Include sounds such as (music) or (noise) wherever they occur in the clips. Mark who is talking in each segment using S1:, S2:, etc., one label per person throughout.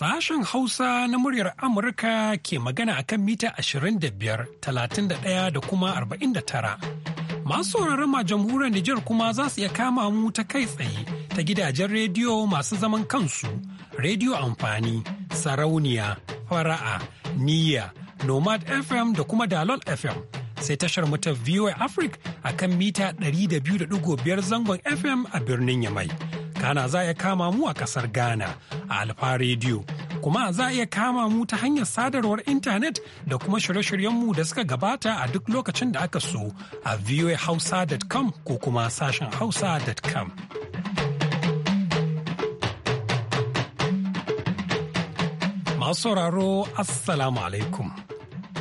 S1: Sashen Hausa na muryar Amurka ke magana a kan mita 25, 31 da kuma 49. Masu sauraron ma jamhuriyar Nijar kuma za su iya kama mu ta kai tsaye ta gidajen rediyo masu zaman kansu, rediyo amfani, sarauniya, fara'a, niyya, nomad FM da kuma dalol FM. sai tashar mutar VOA Africa a kan mita 200.5 zangon FM a birnin Yamai. Ghana za iya kama mu a kasar Ghana a Alfa Radio. Kuma za a iya kama mu ta hanyar sadarwar intanet da kuma shirye-shiryenmu da suka gabata a duk lokacin da aka so a voahausa.com ko kuma sashen hausa.com. Masu sauraro Assalamu alaikum.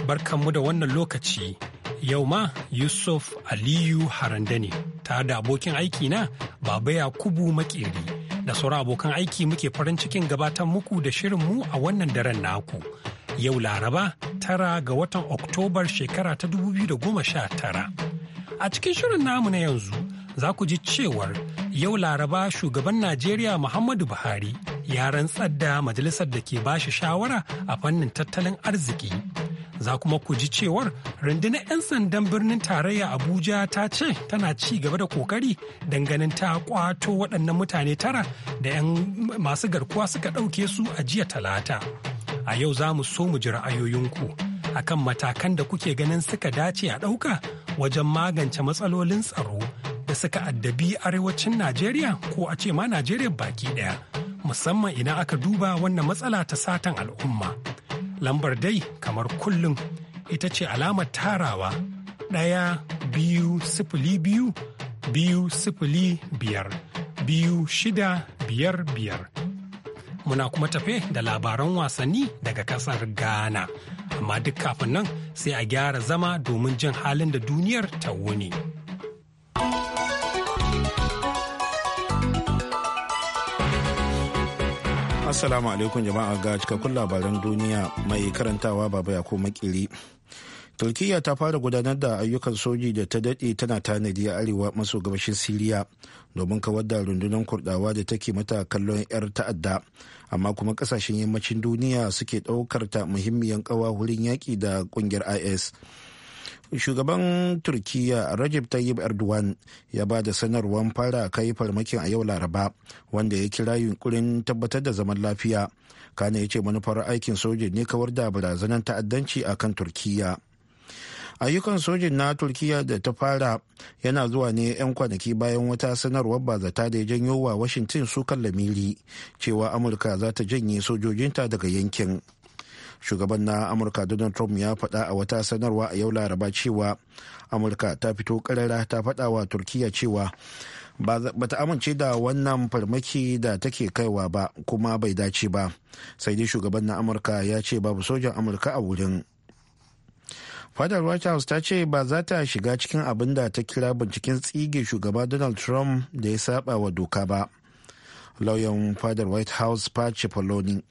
S1: Barkanmu da wannan lokaci yau ma Yusuf Aliyu harandani tare da abokin aiki na Baba Yakubu Makeri da sauran abokan aiki muke farin cikin gabatar muku da shirin mu a wannan daren naku. Yau Laraba tara ga watan Oktobar shekara ta 2019. A cikin shirin namu na yanzu za ku ji cewar yau Laraba shugaban Najeriya Muhammadu Buhari ya rantsar da majalisar da ke bashi shawara a fannin tattalin arziki. za kuma ku ji cewar rundunar 'yan sandan birnin tarayya abuja ta ce tana ci gaba da kokari danganin ta kwato waɗannan mutane tara da 'yan masu garkuwa suka ɗauke su a jiya talata a yau za mu so mu ji ra'ayoyinku a kan matakan da kuke ganin suka dace a ɗauka wajen magance matsalolin tsaro da suka addabi arewacin najeriya ko a ce ma najeriya baki ɗaya musamman idan aka duba wannan matsala ta satan al'umma Lambar dai kamar kullum ita ce alamar tarawa ɗaya biyu sifili biyu biyu sifili biyar biyu shida biyar biyar. Muna kuma tafe da labaran wasanni daga ƙasar Ghana. Amma duk kafin nan sai a gyara zama domin jin halin da duniyar ta wuni.
S2: Assalamu alaikum jama'a ga cikakkun labaran duniya mai karantawa baba ya ko makili. Turkiyya ta fara gudanar da ayyukan soji da ta daɗe tana tanadi a arewa maso gabashin Siriya domin kawar da rundunar kurdawa da take mata kallon 'yar ta'adda. Amma kuma kasashen yammacin duniya suke ɗaukar ta muhimmiyar ƙawa wurin yaƙi da ƙungiyar IS. shugaban turkiya rajab tayyib erdogan ya ba da sanarwar fara kai farmakin a yau laraba wanda ya kira yunkurin tabbatar da zaman lafiya kana ya ce manufar aikin sojin ne kawar da barazanar ta'addanci a kan turkiya ayyukan sojin na turkiya da ta fara yana zuwa ne 'yan kwanaki bayan wata sanarwar bazata da ya janyo wa washington su kan lamiri cewa amurka za ta janye sojojinta daga yankin shugaban na amurka donald trump ya faɗa a wata sanarwa a yau laraba cewa amurka ta fito karara ta faɗa wa turkiya cewa ba ta amince da wannan farmaki da take kaiwa ba kuma bai dace ba sai dai shugaban na amurka ya ce babu sojan amurka a wurin fadar white house ta ce ba za ta shiga cikin abin da ta kira binciken tsige shugaba donald trump da ya saba wa doka ba lauyan fadar white house patch poloni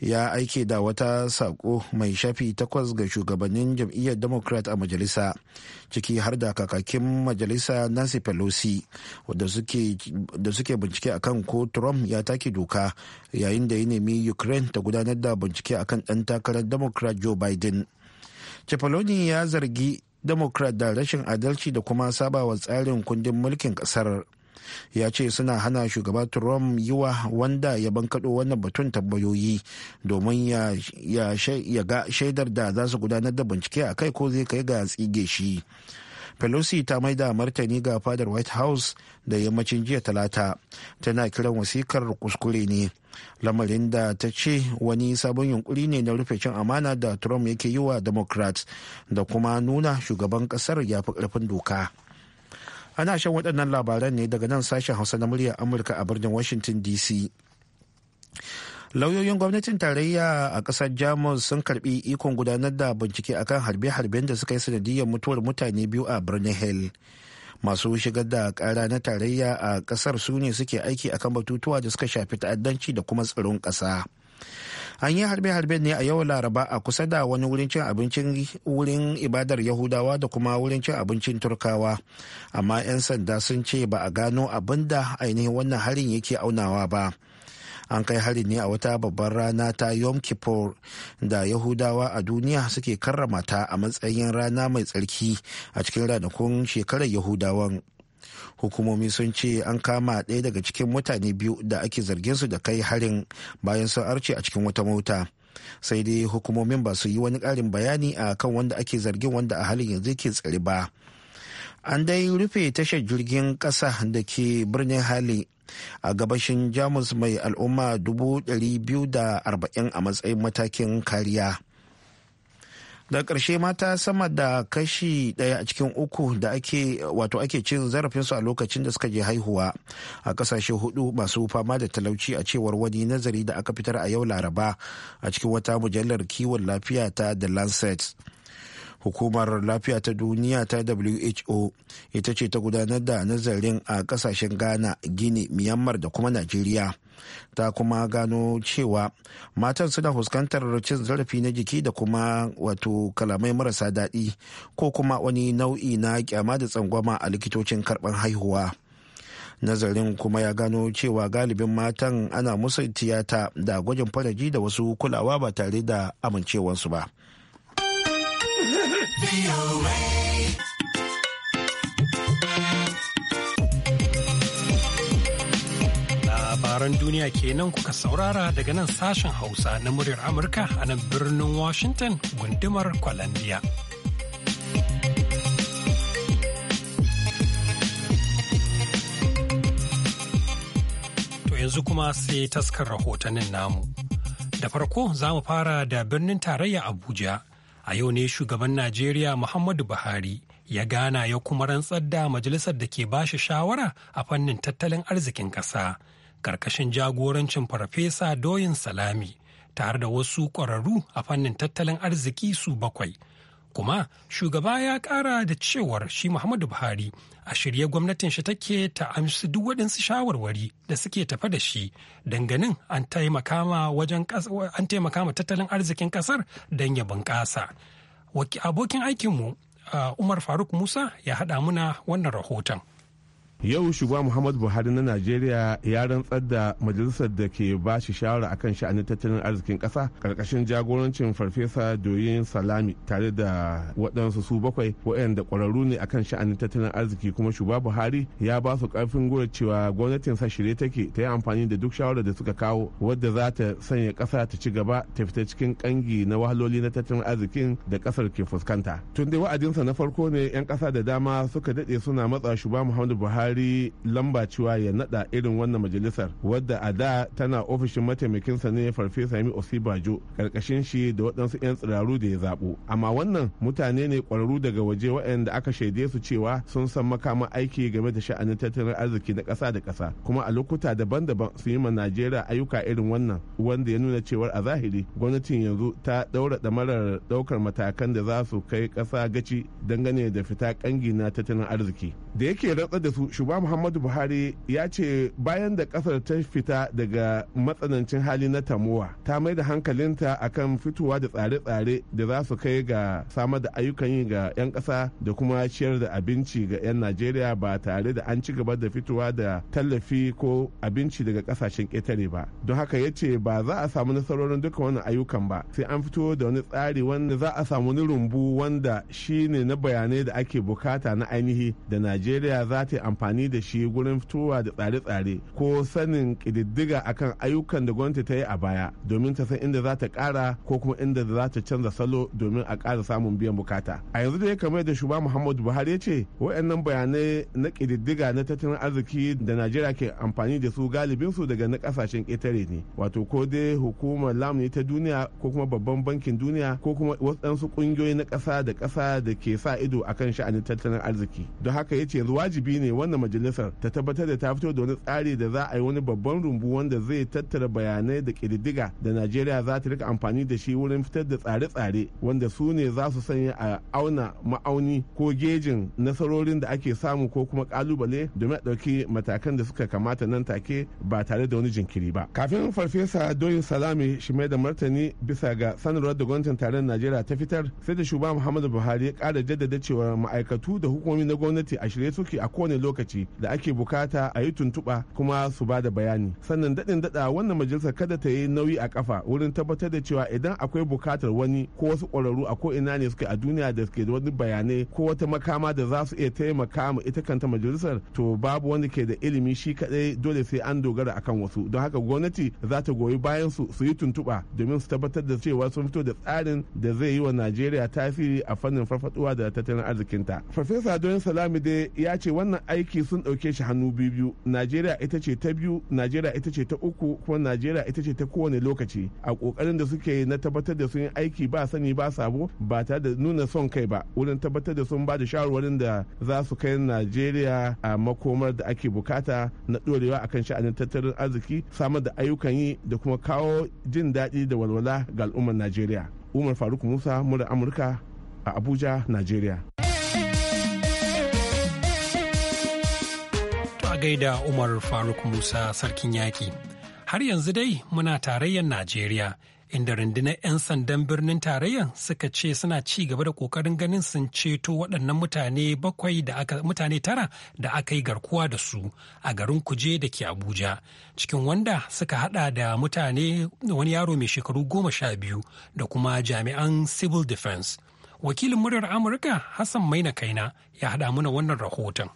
S2: ya aike da wata sako mai shafi takwas ga shugabannin jam'iyyar democrat a majalisa ciki har da kakakin majalisa nancy pelosi da suke bincike akan ko trump ya take doka yayin da ya nemi ukraine ta gudanar da bincike akan dan takarar democrat joe biden cipolloni ya zargi democrat da rashin adalci da kuma sabawa tsarin kundin mulkin kasar. ya ce suna hana shugaba trump yi wa wanda ya bankaɗo wannan batun tambayoyi domin ya ga shaidar da za su gudanar da bincike a kai ko zai kai ga tsige shi pelosi ta maida martani ga fadar white house da yammacin jiya talata tana kiran wasikar kuskure ne lamarin da ta ce wani sabon yunkuri ne na rufe cin amana da trump yake yi wa democrats da kuma nuna shugaban kasar ya fi karfin doka ana shan waɗannan labaran ne daga nan sashen hausa na muryar amurka a birnin washington dc lauyoyin gwamnatin tarayya a ƙasar jamus sun karbi ikon gudanar da bincike akan harbe-harben da suka yi sanadiyar mutuwar mutane biyu a birnin hell masu shigar da ƙara na tarayya a ƙasar su ne suke aiki akan batutuwa da suka shafi ta'addanci da kuma tsaron ƙasa. an yi harbe-harbe ne a yau laraba a kusa da wani wurin cin abincin wurin ibadar yahudawa da kuma wurin cin abincin turkawa amma 'yan sanda sun ce ba a gano abin da ainihin wannan harin yake aunawa ba an kai hari ne a wata babbar rana ta yom kippur da yahudawa a duniya suke karrama ta a matsayin rana mai tsarki a cikin ranakun shekarar yahudawan hukumomi sun ce an kama ɗaya daga cikin mutane biyu da ake zargin su da kai harin bayan sun arce a cikin wata mota sai dai hukumomin ba su yi wani ƙarin bayani a kan wanda ake zargin wanda a halin yanzu ke tsare ba an dai rufe tashar jirgin ƙasa da ke birnin hali a gabashin jamus mai al'umma 240 a matsayin matakin kariya. da ƙarshe mata sama da kashi ɗaya a cikin uku da ake wato ake cin zarafinsu a lokacin da suka je haihuwa a ƙasashe hudu masu fama da talauci a cewar wani nazari da aka fitar a yau laraba a cikin wata mujallar kiwon lafiya ta the lancet hukumar lafiya ta duniya ta who ita ce ta gudanar da nazarin a ƙasashen ghana gini myanmar da kuma najeriya ta kuma gano cewa matan suna fuskantar cin zarafi na jiki da kuma wato kalamai marasa daɗi ko kuma wani nau'i na kyama da tsangwama a likitocin karɓar haihuwa nazarin kuma ya gano cewa galibin matan ana musu tiyata da gwajin faraji da wasu kulawa ba tare da amincewarsu ba.
S3: (laughs)
S1: labaran duniya kenan kuka saurara daga nan sashen Hausa na muryar Amurka a nan birnin Washington gundumar kwalandiya To yanzu kuma sai taskar rahotannin namu. Da farko za mu fara da birnin tarayya Abuja. A yau ne shugaban Najeriya Muhammadu Buhari. ya gana ya kuma rantsar da majalisar da ke bashi shawara a fannin tattalin arzikin ƙasa Karkashin jagorancin farfesa doyin salami tare da wasu ƙwararru a fannin tattalin arziki su bakwai kuma shugaba ya ƙara da cewar shi muhammadu buhari a shirye gwamnatin shi take ta amshi duk waɗansu shawarwari da suke tafa da shi danganin an taimaka ma tattalin arzikin ƙasar don ya bunƙasa abokin aikinmu uh, umar faruk musa ya haɗa muna wannan rahoton
S3: yau shugaba muhammadu buhari na najeriya ya rantsar da majalisar da ke ba shi shawara akan sha'anin tattalin arzikin kasa karkashin jagorancin farfesa doyin salami tare da waɗansu su bakwai waɗanda ƙwararru ne akan sha'anin tattalin arziki kuma shugaba buhari ya ba su ƙarfin gwiwa cewa gwamnatin sa shirye take ta yi amfani da duk shawarar da suka kawo wadda za ta sanya kasa ta ci gaba ta fita cikin ƙangi na wahaloli na tattalin arzikin da ƙasar ke fuskanta tun dai wa'adinsa na farko ne 'yan kasa da dama suka daɗe suna matsa shugaba muhammadu buhari buhari lamba cewa ya nada irin wannan majalisar wadda a da tana ofishin mataimakinsa ne farfesa yami osibajo karkashin shi da waɗansu 'yan tsiraru da ya zaɓo amma wannan mutane ne ƙwararru daga waje waɗanda aka shaide su cewa sun san makaman aiki game da sha'anin tattalin arziki na ƙasa da ƙasa kuma a lokuta daban-daban su yi ma najeriya ayyuka irin wannan wanda ya nuna cewar a zahiri gwamnatin yanzu ta ɗaura ɗamarar ɗaukar matakan da za su kai ƙasa gaci dangane da fita ƙangi na tattalin arziki da yake rantsar da su shuba muhammadu buhari ya ce bayan da kasar ta fita daga matsanancin hali na tamuwa ta mai da hankalinta akan fitowa da tsare-tsare da za su kai ga samar da ayyukan yi ga 'yan kasa da kuma ciyar da abinci ga 'yan najeriya ba tare da an ci gaba da fitowa da tallafi ko abinci daga ƙasashen ƙetare ba don haka ya ce ba za a samu nasarorin duka wani ayyukan ba sai an fito da wani tsari wanda za a samu wani rumbu wanda shine na bayanai da ake bukata na ainihi da najeriya za ta yi amfani amfani da shi gurin fitowa da tsare-tsare ko sanin ƙididdiga akan ayyukan da gwamnati ta yi a baya domin ta san inda za ta ƙara ko kuma inda za ta canza salo domin a ƙara samun biyan bukata a yanzu da ya kamar da shugaba muhammadu buhari ya ce waɗannan bayanai na ƙididdiga na tattalin arziki da najeriya ke amfani da su galibinsu daga na kasashen ƙetare ne wato ko dai hukumar lamuni ta duniya ko kuma babban bankin duniya ko kuma waɗansu ƙungiyoyi na ƙasa da ƙasa da ke sa ido akan sha'anin tattalin arziki don haka ya ce wajibi ne wannan wannan majalisar ta tabbatar da ta fito da wani tsari da za a yi wani babban rumbu wanda zai tattara bayanai da ƙididdiga da najeriya za ta rika amfani da shi wurin fitar da tsare-tsare wanda su ne za su sanya a auna ma'auni ko gejin nasarorin da ake samu ko kuma kalubale domin ɗauki matakan da suka kamata nan take ba tare da wani jinkiri ba kafin farfesa doyin salami shi mai da martani bisa ga sanarwar da gwamnatin taron najeriya ta fitar sai da shugaban muhammadu buhari ya ƙara jaddada cewa ma'aikatu da hukumomi na gwamnati a shirye suke a kowane lokaci lokaci da ake bukata a yi tuntuɓa kuma su ba da bayani sannan daɗin daɗa wannan majalisar kada ta yi nauyi a kafa wurin tabbatar da cewa idan akwai bukatar wani ko wasu ƙwararru a ko ina ne suke a duniya da suke da wani bayanai ko wata makama da za su iya taimaka ma ita kanta majalisar to babu wanda ke da ilimi shi kaɗai dole sai an dogara akan wasu don haka gwamnati za ta goyi bayan su su yi tuntuɓa domin su tabbatar da cewa sun fito da tsarin da zai yi wa najeriya tasiri a fannin farfaduwa da tattalin arzikinta farfesa don salami dai ya ce wannan aiki ciki sun ɗauke shi hannu biyu biyu najeriya ita ce ta biyu najeriya ita ce ta uku kuma najeriya ita ce ta kowane lokaci a ƙoƙarin da suke na tabbatar da sun yi aiki ba sani ba sabo ba tare da nuna son kai ba wurin tabbatar da sun ba da shawarwarin da za su kai najeriya a makomar da ake bukata na ɗorewa akan sha'anin tattalin arziki samar da ayyukan yi da kuma kawo jin daɗi da walwala ga al'ummar najeriya umar faruk musa mura amurka a abuja najeriya
S1: da Umar Faruk Musa sarkin yaƙi. Har yanzu dai muna tarayyar Najeriya, inda rundunar 'yan sandan birnin tarayyar suka ce suna ci gaba da ƙoƙarin ganin sun ceto waɗannan mutane bakwai da aka mutane tara da aka yi garkuwa da su a garin Kuje da ke Abuja, cikin wanda suka haɗa da mutane wani yaro mai shekaru goma sha biyu da kuma jami'an civil defense. Wakilin muryar Amurka Hassan Maina Kaina ya haɗa mana wannan rahoton.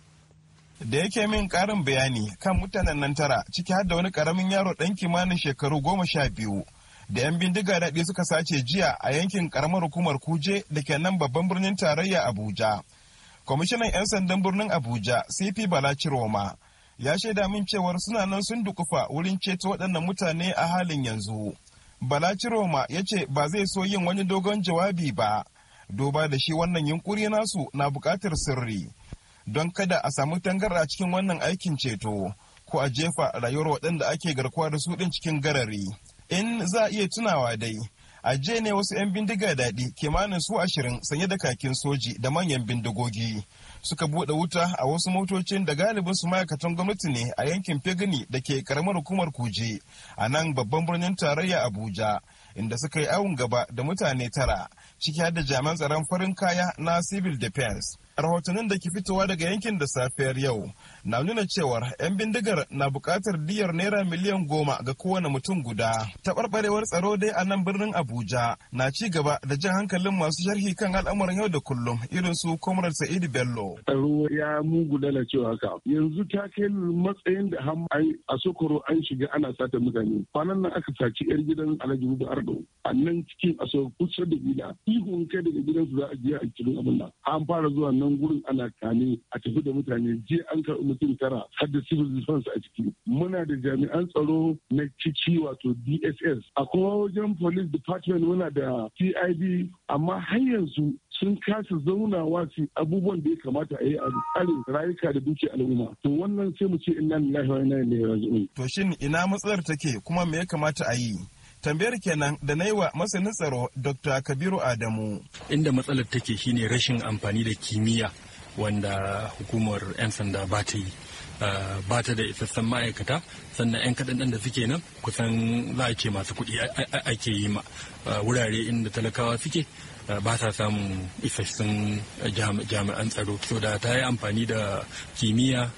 S4: da yake min karin bayani kan mutanen nan tara ciki har da wani karamin yaro ɗan kimanin shekaru goma sha biyu da 'yan bindiga daɗi suka sace jiya a yankin karamar hukumar kuje da ke nan babban birnin tarayya abuja kwamishinan 'yan sandan birnin abuja cp bala ciroma ya shaida min cewar suna nan sun dukufa wurin ceto waɗannan mutane a halin yanzu bala ciroma ya ce ba zai so yin wani dogon jawabi ba duba da shi wannan yunkuri nasu na buƙatar sirri don kada a samu a cikin wannan aikin ceto ko a jefa rayuwar waɗanda ake garkuwa da su ɗin cikin garari. In za a iya tunawa dai, a je ne wasu 'yan bindiga daɗi kimanin su ashirin sanye da kakin soji da manyan bindigogi. Suka buɗe wuta a wasu motocin da galibin su ma'aikatan gwamnati ne a yankin Fegani da ke karamar hukumar Kuje a nan babban birnin tarayya Abuja. Inda suka yi awon gaba da mutane tara, ciki har da jami'an tsaron farin kaya na civil defense. rahotannin da ke fitowa daga yankin da safiyar yau na nuna cewar 'yan bindigar na bukatar diyar naira miliyan goma ga kowane mutum guda taɓarɓarewar tsaro dai a nan birnin abuja na ci gaba da jan hankalin masu sharhi kan al'amuran yau da kullum irin su comrade sa'idu bello tsaro ya mugu
S5: cewa haka yanzu ta kai matsayin da ham a sokoro an shiga ana sata mutane kwanan nan aka saci yar gidan alhaji hudu ardo a nan cikin a kusa da gida ihun kai daga gidansu za a je a cikin abin nan an fara zuwa nan nan gurin ana kane a tafi da mutane je an karɓi mutum tara har da civil defense a ciki muna da jami'an tsaro na ciki wato dss a kuma wajen police department muna da cid amma har yanzu sun kasa zauna wasu abubuwan da ya kamata a yi a tsarin rayuka
S4: da duki al'umma to wannan sai mu ce inna lillahi wa inna ilaihi raji'un to shin ina matsalar take kuma me ya kamata a yi tambayar kenan da na yi wa masanin tsaro dr kabiru adamu inda matsalar take shine rashin amfani da kimiyya wanda hukumar
S1: 'yan sanda ba ta yi ah, ba ta da isassan ma'aikata sannan 'yan kaɗan da suke nan kusan za a ce masu kuɗi ake yi ma ah, wurare inda talakawa suke ba sa samun isassun jami'an tsaro so da ta yi amfani da kimiyya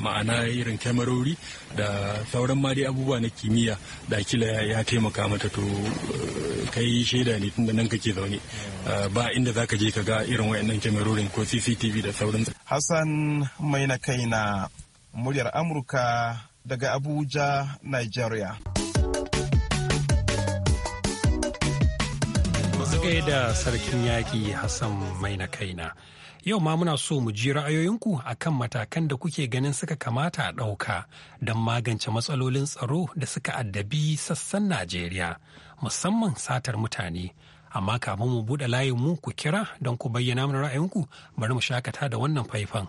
S1: ma'ana irin kyamarori da sauran ma dai abubuwa na kimiyya
S4: da kila ya taimaka mata to eh, kai shaida ne tunda nan kake zaune ba inda za ka je ka ga irin wayannan kyamarorin ko cctv da sauran hassan mai na kai na muryar amurka daga abuja nigeria
S1: da sarkin yaƙi Hassan mai na kaina. Yau ma muna so mu ji ra'ayoyinku a kan matakan da kuke ganin suka kamata a ɗauka don magance matsalolin tsaro da suka addabi sassan Najeriya, musamman satar mutane. Amma kafin mu buɗe layinmu ku kira don ku bayyana mana ra'ayinku bari mu shakata da wannan faifan.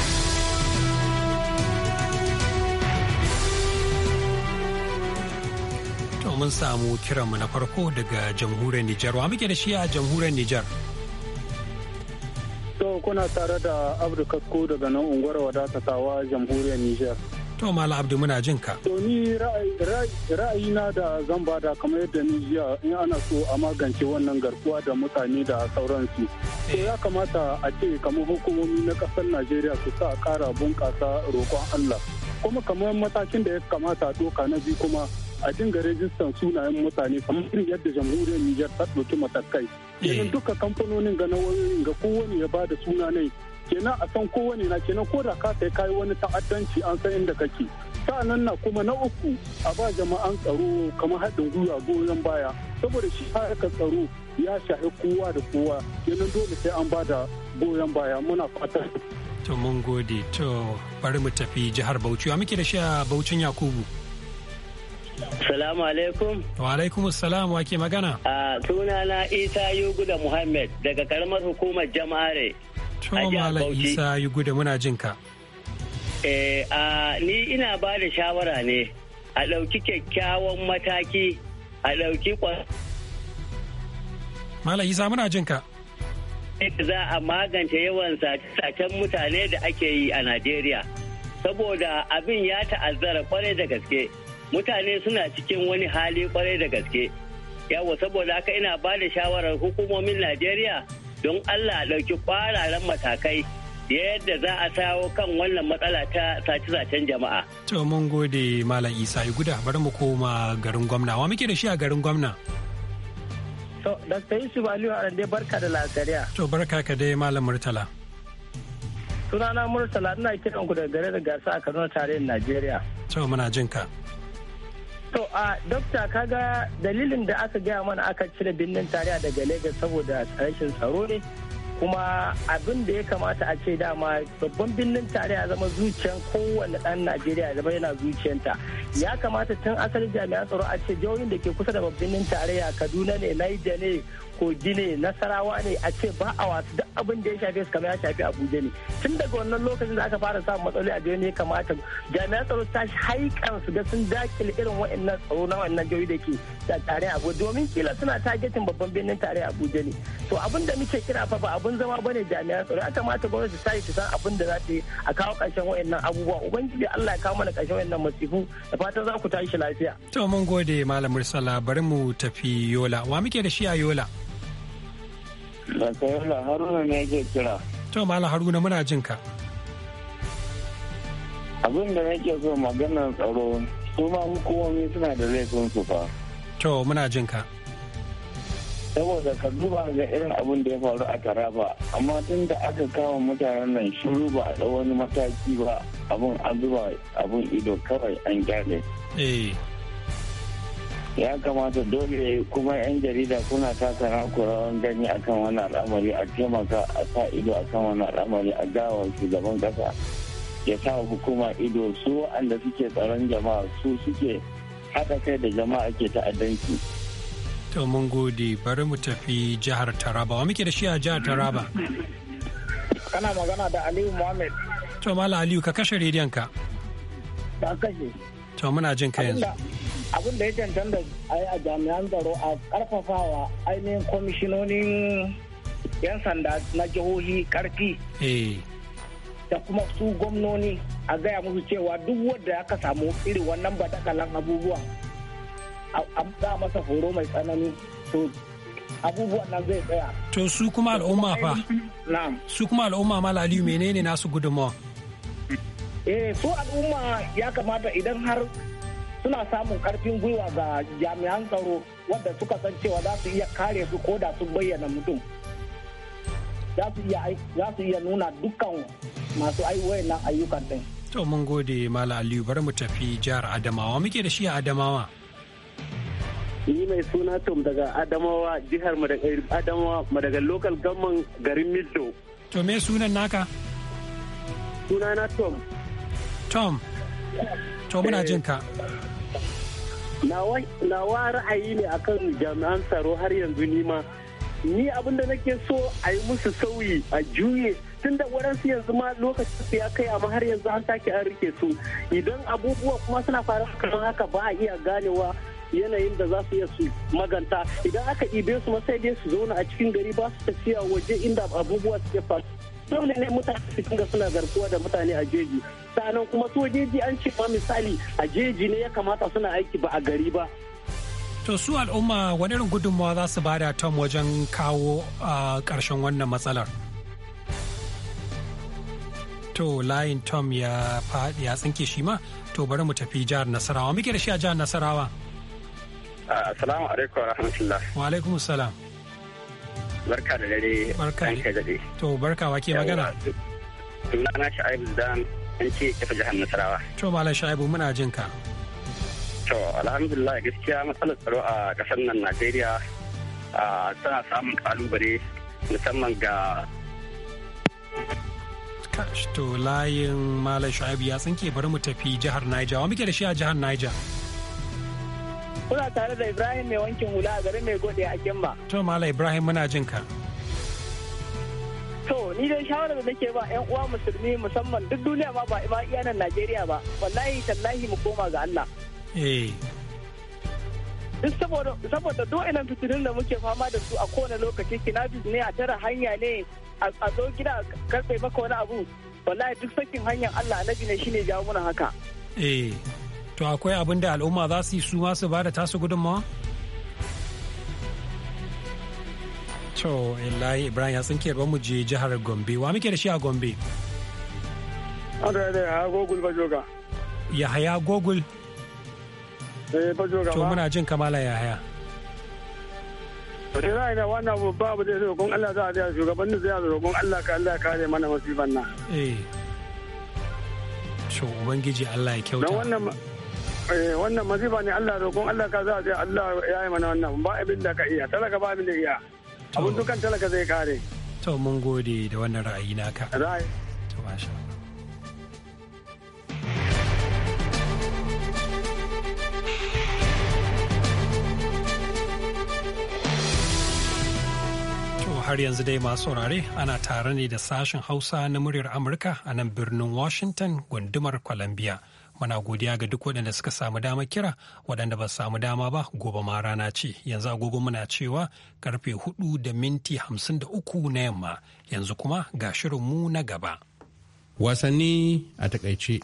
S1: mun samu kiranmu na farko daga jamhuriyar Nijar. Wa muke da shi a jamhuriyar Nijar?
S5: To kuna tare da Abdu Kasko daga nan unguwar wadatatawa jamhuriyar Nijar.
S1: To Mala Abdu muna jin ka.
S5: To ni na da zan bada kamar yadda ni jiya in ana so a magance wannan garkuwa da mutane da sauransu. To ya kamata a ce kamar hukumomi na ƙasar Najeriya su sa kara bunƙasa roƙon Allah. Kuma kamar matakin da ya kamata a doka na biyu kuma a dinga rajistan sunayen mutane kamar yadda jamhuriyar Nijar ta ɗauki matakai. Kenan eh. duka kamfanonin ga ga kowane ya bada suna nai kenan a san kowane na kenan ko da ka sai kayi wani ta'addanci an san inda kake. sa'annan na kuma na uku a ba jama'an tsaro kamar haɗin gwiwa goyon baya saboda shi harkar tsaro ya shahi kowa da kowa kenan dole sai an bada goyon baya muna fatan
S1: to mun gode to bari mu tafi jihar Bauchi wa muke da shi a Bauchin Yakubu
S5: Salamu alaikum. Wa alaikum salam ke magana. A suna na Isa Yuguda Muhammad daga karamar hukumar jama'are.
S1: Cewa Malam Isa Yuguda muna jinka.
S5: Eh, a ni ina ba da shawara ne a ɗauki kyakkyawan mataki a ɗauki kwan.
S1: Malam Isa muna jinka.
S5: ka. za a magance yawan sacen mutane da ake yi a Najeriya. Saboda abin ya ta'azzara kwarai da gaske. mutane suna cikin wani hali kwarai da gaske yawa saboda haka ina ba da shawarar hukumomin najeriya don allah ɗauki kwararen matakai yadda za a sawo kan wannan matsala ta sace-sacen jama'a.
S1: To mun gode Malam Isa guda bari mu koma garin gwamna. Wa muke da shi a garin gwamna?
S5: To Dr. Yusuf Aliyu Arande barka da lasariya.
S1: To barka ka dai Malam Murtala.
S5: Sunana Murtala ina kiran ku daga gare da gasa a kano tarayyar Najeriya.
S1: To muna jin ka.
S5: To a dokta kaga dalilin da aka gaya mana aka cire birnin tarayya daga Legas saboda rashin tsaro ne kuma abin da ya kamata a ce dama babban birnin tarayya zama zuciyar kowane ɗan Najeriya zama yana zuciyanta. Ya kamata tun asalin jami'an tsaro a ce jawoyin da ke kusa da babban birnin tarayya Kaduna ne, Niger ne, kogi nasarawa ne a ce ba a wasu duk abin da ya shafi su kamar ya shafi abuja ne tun daga wannan lokacin da aka fara samun matsaloli a jiya ne kamata jami'an tsaro ta haikan su da sun dakile irin wa'annan tsaro na wannan jihohi da ke da tare a abuja domin kila suna targetin babban birnin tare abuja ne to abin da muke kira fa ba abun zama ba ne jami'an tsaro ya kamata gwamnati ta yi san abin da za ta yi a kawo ƙarshen wa'annan abubuwa ubangiji Allah ya kawo mana ƙarshen wa'annan masifu da fatan za ku tashi lafiya
S1: to mun gode malam risala bari mu tafi Yola wa muke da shi a
S5: Yola Rasayola Haruna ne yake kira.
S1: To Mala Haruna muna jin ka.
S5: Abin da nake so maganar tsaro su ma hukumomi suna da laifin su fa. To muna jin ka. Saboda ka duba ga irin abin da ya faru a Taraba amma tun da aka kama mutanen nan shiru ba a wani mataki ba abin an zuba abin ido kawai an gyale. Eh. ya kamata dole kuma 'yan jarida kuna taka naku rawan gani akan wani al'amari a taimaka a sa ido akan wani al'amari a su shugaban kasa ya sa hukuma ido su wa'anda suke tsaron jama'a su suke haɗa kai da jama'a ke ta'addanci.
S1: to mun gode bari mu tafi jihar taraba wa muke da shi a jihar taraba
S5: kana magana da aliyu muhammad
S1: to mala aliyu ka kashe rediyon ka ba kashe to muna jin ka yanzu
S5: abin da ya cancanta a jami'an tsaro a karfafawa ainihin kwamishinonin 'yan sanda na jihohi karfi eh. da kuma su gwamnoni a gaya musu cewa duk wanda aka samu irin wannan badakalan abubuwa a za masa horo mai tsanani to abubuwan nan zai tsaya
S1: to su kuma al'umma fa su kuma al'umma mal aliyu menene nasu gudunmawa
S5: eh su al'umma ya kamata idan har suna samun karfin gwiwa ga jami'an tsaro wadda suka san cewa za su iya kare su ko da sun bayyana mutum za su iya nuna dukkan masu aiwoyin na ayyukan din.
S1: to mun gode mala aliyu bari mu tafi jihar adamawa muke da shi a adamawa
S5: ni mai suna tom daga adamawa jihar eh, adamawa daga local government garin mildo
S1: to me sunan naka
S5: Suna na tom
S1: tom to muna eh. jin ka
S5: nawa ra'ayi ne akan jami'an tsaro har yanzu nima ni abin da nake so a yi musu sauyi a juye tun da waransu yanzu ma lokacin su ya kai amma har yanzu an sake an rike su idan abubuwa kuma suna faruwa kamar haka ba a iya ganewa yanayin da za su iya su maganta idan aka ibe su masai dai su zauna a cikin gari ba su tafiya waje inda abubuwa suke faru. dole ne mutane su dinga suna garkuwa da mutane a jeji sannan kuma sojeji an ce ma misali a jeji ne ya kamata suna aiki ba a gari ba
S1: to su al'umma wani irin gudunmawa za su bada tom wajen kawo a ƙarshen wannan matsalar to layin tom ya faɗi ya tsinke shi ma to bari mu tafi jihar nasarawa muke da shi a jihar nasarawa assalamu alaikum wa rahmatullah wa alaikum salam Barka da dare. Barka da dare. To barka wa ke magana?
S5: Sunana Sha'ibu zidan an ce tafi jihar Nasarawa.
S1: To Malam Sha'ibu muna jin ka.
S5: To alhamdulillah gaskiya matsalar tsaro a kasar nan Najeriya tana samun kalubale musamman ga
S1: to layin Malam Sha'ibu ya tsinke bari mu tafi jihar Niger. Wa muke da shi a jihar Niger?
S5: Kuna tare da Ibrahim mai wankin hula a mai gode a Kimba. To
S1: Mala Ibrahim muna jin ka.
S5: To ni dai shawarar da nake ba 'yan uwa musulmi musamman duk duniya ma ba ma iya nan Najeriya ba. Wallahi tallahi mu koma ga Allah. Eh. saboda saboda duk fitilun da muke fama da su a kowane lokaci kinabis ne a tara hanya ne a zo gida karfe maka wani abu wallahi duk sakin hanyar Allah annabi ne shine jawo muna haka.
S1: Eh. to akwai abin da al'umma za su yi su ma su ba da tasu gudunmawa to illahi ibrahim ya tsinke ba mu je jihar gombe wa muke da shi a gombe ya haya gogul
S5: eh, to muna
S1: jin kamala ya haya
S5: Wata ra'ayi da wannan abu ba abu da ya roƙon Allah za a da shugabannin zai roƙon Allah ka Allah kare mana masifan nan.
S1: Eh. Shugabangiji Allah ya kyauta. wannan
S5: Eh, wannan masifa ne Allah roƙon Allah ka za a ce Allah ya yi mana wannan ba abin da ka iya talaka ba abin da iya abin dukan talaka zai kare
S1: to mun gode da wannan ra'ayi naka ra'ayi to masha har yanzu dai masu saurare ana tare ne da sashen hausa na muryar amurka a nan birnin washington gundumar columbia Muna godiya ga duk waɗanda suka samu dama kira waɗanda ba samu dama ba gobe ma rana ce yanzu agogo muna cewa karfe hudu da minti hamsin da uku na yamma yanzu kuma ga shirinmu na gaba.
S4: Wasanni a takaice.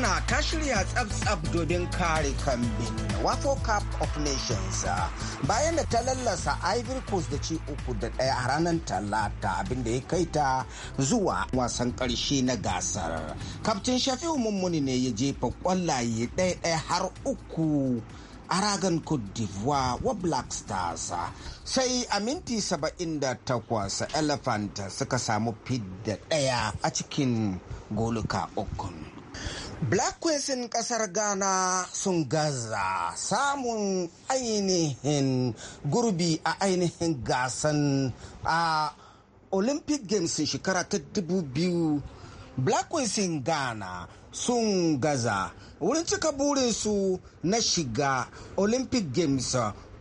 S6: ghana ta shirya tsab-tsab domin kare kambin wato cup of nations ah, bayan da ta lallasa ivory coast da ci uku da ɗaya a ranar talata abinda ya kai ta zuwa wasan ƙarshe na gasar kaftin shafi'u mummuni ne ya jefa kwallaye ɗaya-ɗaya har uku a ragan cote d'ivoire wa black stars ah. sai a minti 78 elephant suka samu fidda ɗaya a cikin goluka ukun Black in kasar Ghana sun gaza samun ainihin gurbi a ainihin gasan a Olympic Games shekara ta biyu. Black in Ghana sun gaza wurin cika burinsu na shiga Olympic Games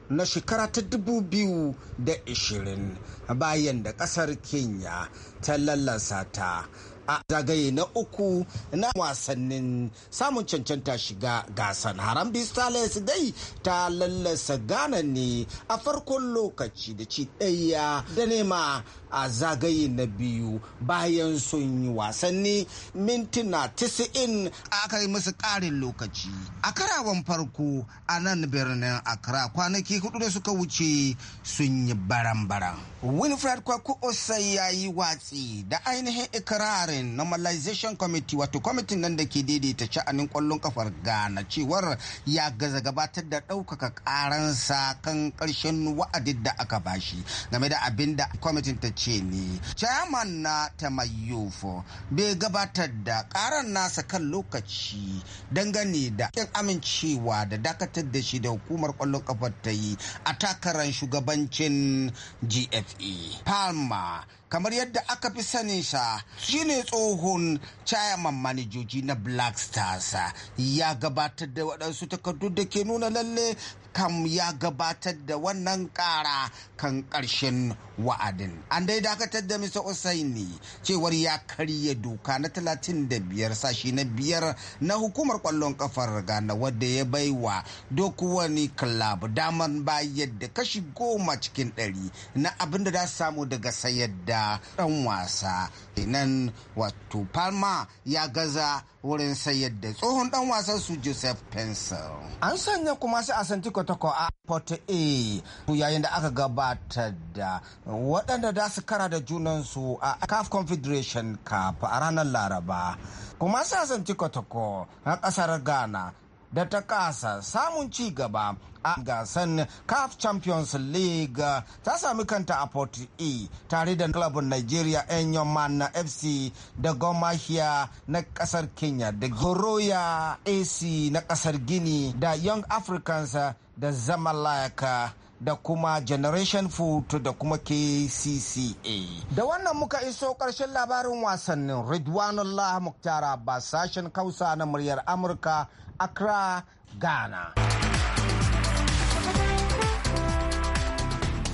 S6: na shekara ta 2020 bayan da kasar Kenya ta lallasa ta. a zagaye na uku na wasannin samun cancanta shiga gasan Harambee stars dai ta lallasa ghana ne a farkon lokaci da ci ɗaya da nema a zagaye na biyu bayan sun yi wasanni mintuna 90 aka yi musu ƙarin lokaci a karawan farko a nan birnin accra kwanaki hudu da suka wuce sun yi baran-baran wilfred kwaku Osei ya yi watsi da ainihin ikirarin normalization committee wato kwamitin nan da ke daidaita sha'anin kwallon kafar Gana cewar ya gaza gabatar da ɗaukaka karansa kan ƙarshen wa'adin da aka bashi game da abin da kwamitin ta ce ne chairman na tamayofo bai gabatar da karan nasa kan lokaci dangane da kin amincewa da dakatar da shi da hukumar kwallon kafar ta yi a takarar shugabancin gf motsi. Palma kamar yadda aka fi sanin sa shine tsohon chairman manajoji na Black Stars ya gabatar da waɗansu takardu da ke nuna lalle kam ya gabatar da wannan kara kan ƙarshen wa'adin an dai dakatar da mr usaini cewar ya karya doka na 35 sashi na biyar na hukumar kwallon kafar ghana wadda ya baiwa wa wani club damar bayar da kashi goma cikin ɗari na abin da za su samu daga sayar da ɗan wasa nan wato palma ya gaza wurin sayar da tsohon ɗan wasan su joseph pencil an sanya kuma su asanti protocol a port a yayin da aka gabata da waɗanda da su kara da junansu a caf confederation cup a ranar laraba kuma zanci tikotoko a ƙasar ghana da ta kasa samun ci gaba a gasan CAF Champions League ta sami kanta a Port E tare da club Nigeria Enyoman na FC da Gomahia na kasar Kenya da Goroya AC na kasar Gini da Young Africans da Zamalaka da kuma Generation Food da kuma KCCA. Da wannan muka iso karshen labarin wasannin Ridwanullah Muktar Abbas sashen Kausa na muryar Amurka Accra, Ghana.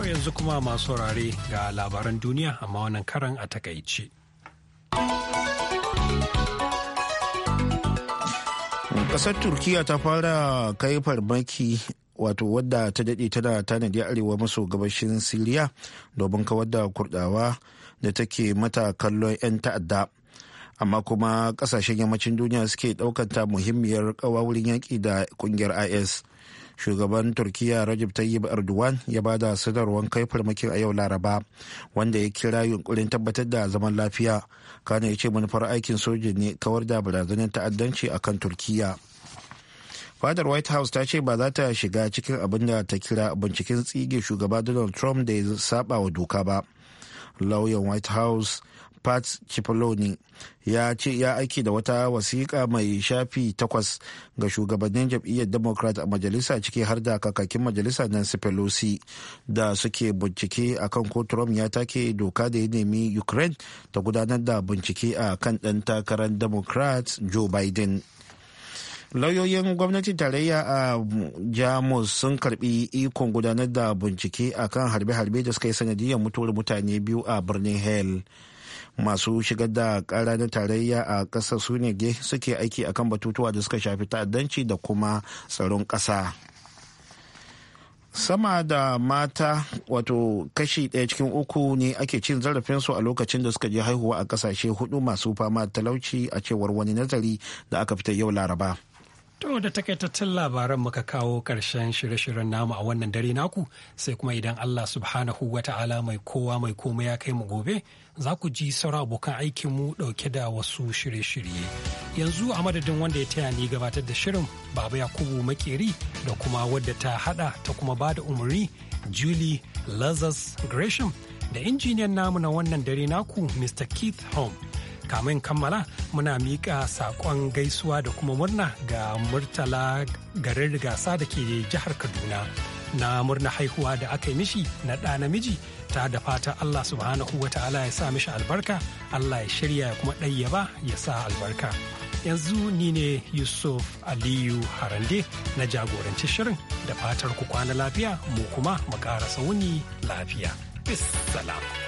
S1: Yanzu kuma masu saurare ga labaran duniya amma wannan karan a takaice.
S2: Kasar Turkiya ta fara kai farmaki wato wadda ta daɗe tana tanadi arewa maso gabashin siriya domin kawar da kurdawa da take mata kallon 'yan ta'adda amma kuma kasashen yammacin duniya suke ɗaukanta muhimmiyar kawa wurin yaƙi da kungiyar is shugaban turkiya rajab tayyib erdogan ya ba da sadarwar kai farmakin a yau laraba wanda ya kira yunkurin tabbatar da zaman lafiya kana ya ce manufar aikin soji ne kawar da barazanar ta'addanci a kan turkiya fadar white house ta ce ba za ta shiga cikin abin da ta kira binciken tsige shugaba donald trump da ya saba wa doka ba lauyan white house pat cipolloni ya ce ya aiki da wata wasiƙa mai shafi takwas ga shugabannin jam'iyyar democrat a majalisa ciki har da kakakin majalisa nancy pelosi da suke bincike akan ko trump ya take doka da ya nemi ukraine ta gudanar da bincike a kan ɗan takarar democrat joe biden lauyoyin gwamnatin tarayya a jamus sun karbi ikon gudanar da bincike akan harbe-harbe da suka yi sanadiyar mutuwar mutane biyu a birnin hell masu shigar da kara na tarayya a ƙasa su ne suke aiki akan batutuwa da suka shafi ta'addanci da kuma tsaron ƙasa sama da mata wato kashi ɗaya cikin uku ne ake cin zarafinsu a lokacin da suka je haihuwa a ƙasashe hudu masu fama talauci a cewar wani nazari da aka fita yau laraba
S1: To da takaitattun labaran muka kawo ƙarshen shirye-shiryen namu a wannan dare naku sai kuma idan Allah subhanahu wa ta'ala mai kowa mai koma ya kai mu gobe za ku ji sauran abokan aikin mu ɗauke da wasu shirye-shirye. Yanzu a madadin wanda ya taya ni gabatar da shirin Baba Yakubu Makeri da kuma wadda ta haɗa ta kuma ba da umarni Julie Lazarus Gresham da injiniyan namu na wannan dare naku Mr. Keith Home. kamun kammala muna miƙa saƙon gaisuwa da kuma murna ga murtala garin rigasa da ke jihar kaduna na murna haihuwa da aka yi mishi na ɗa namiji ta da fata allah subhanahu wa ta'ala ya sa mishi albarka allah ya shirya ya kuma ɗayyaba ya sa albarka yanzu ni ne yusuf aliyu harande na jagoranci shirin da fatar ku kwana lafiya mu kuma mu ƙara wuni lafiya bis salam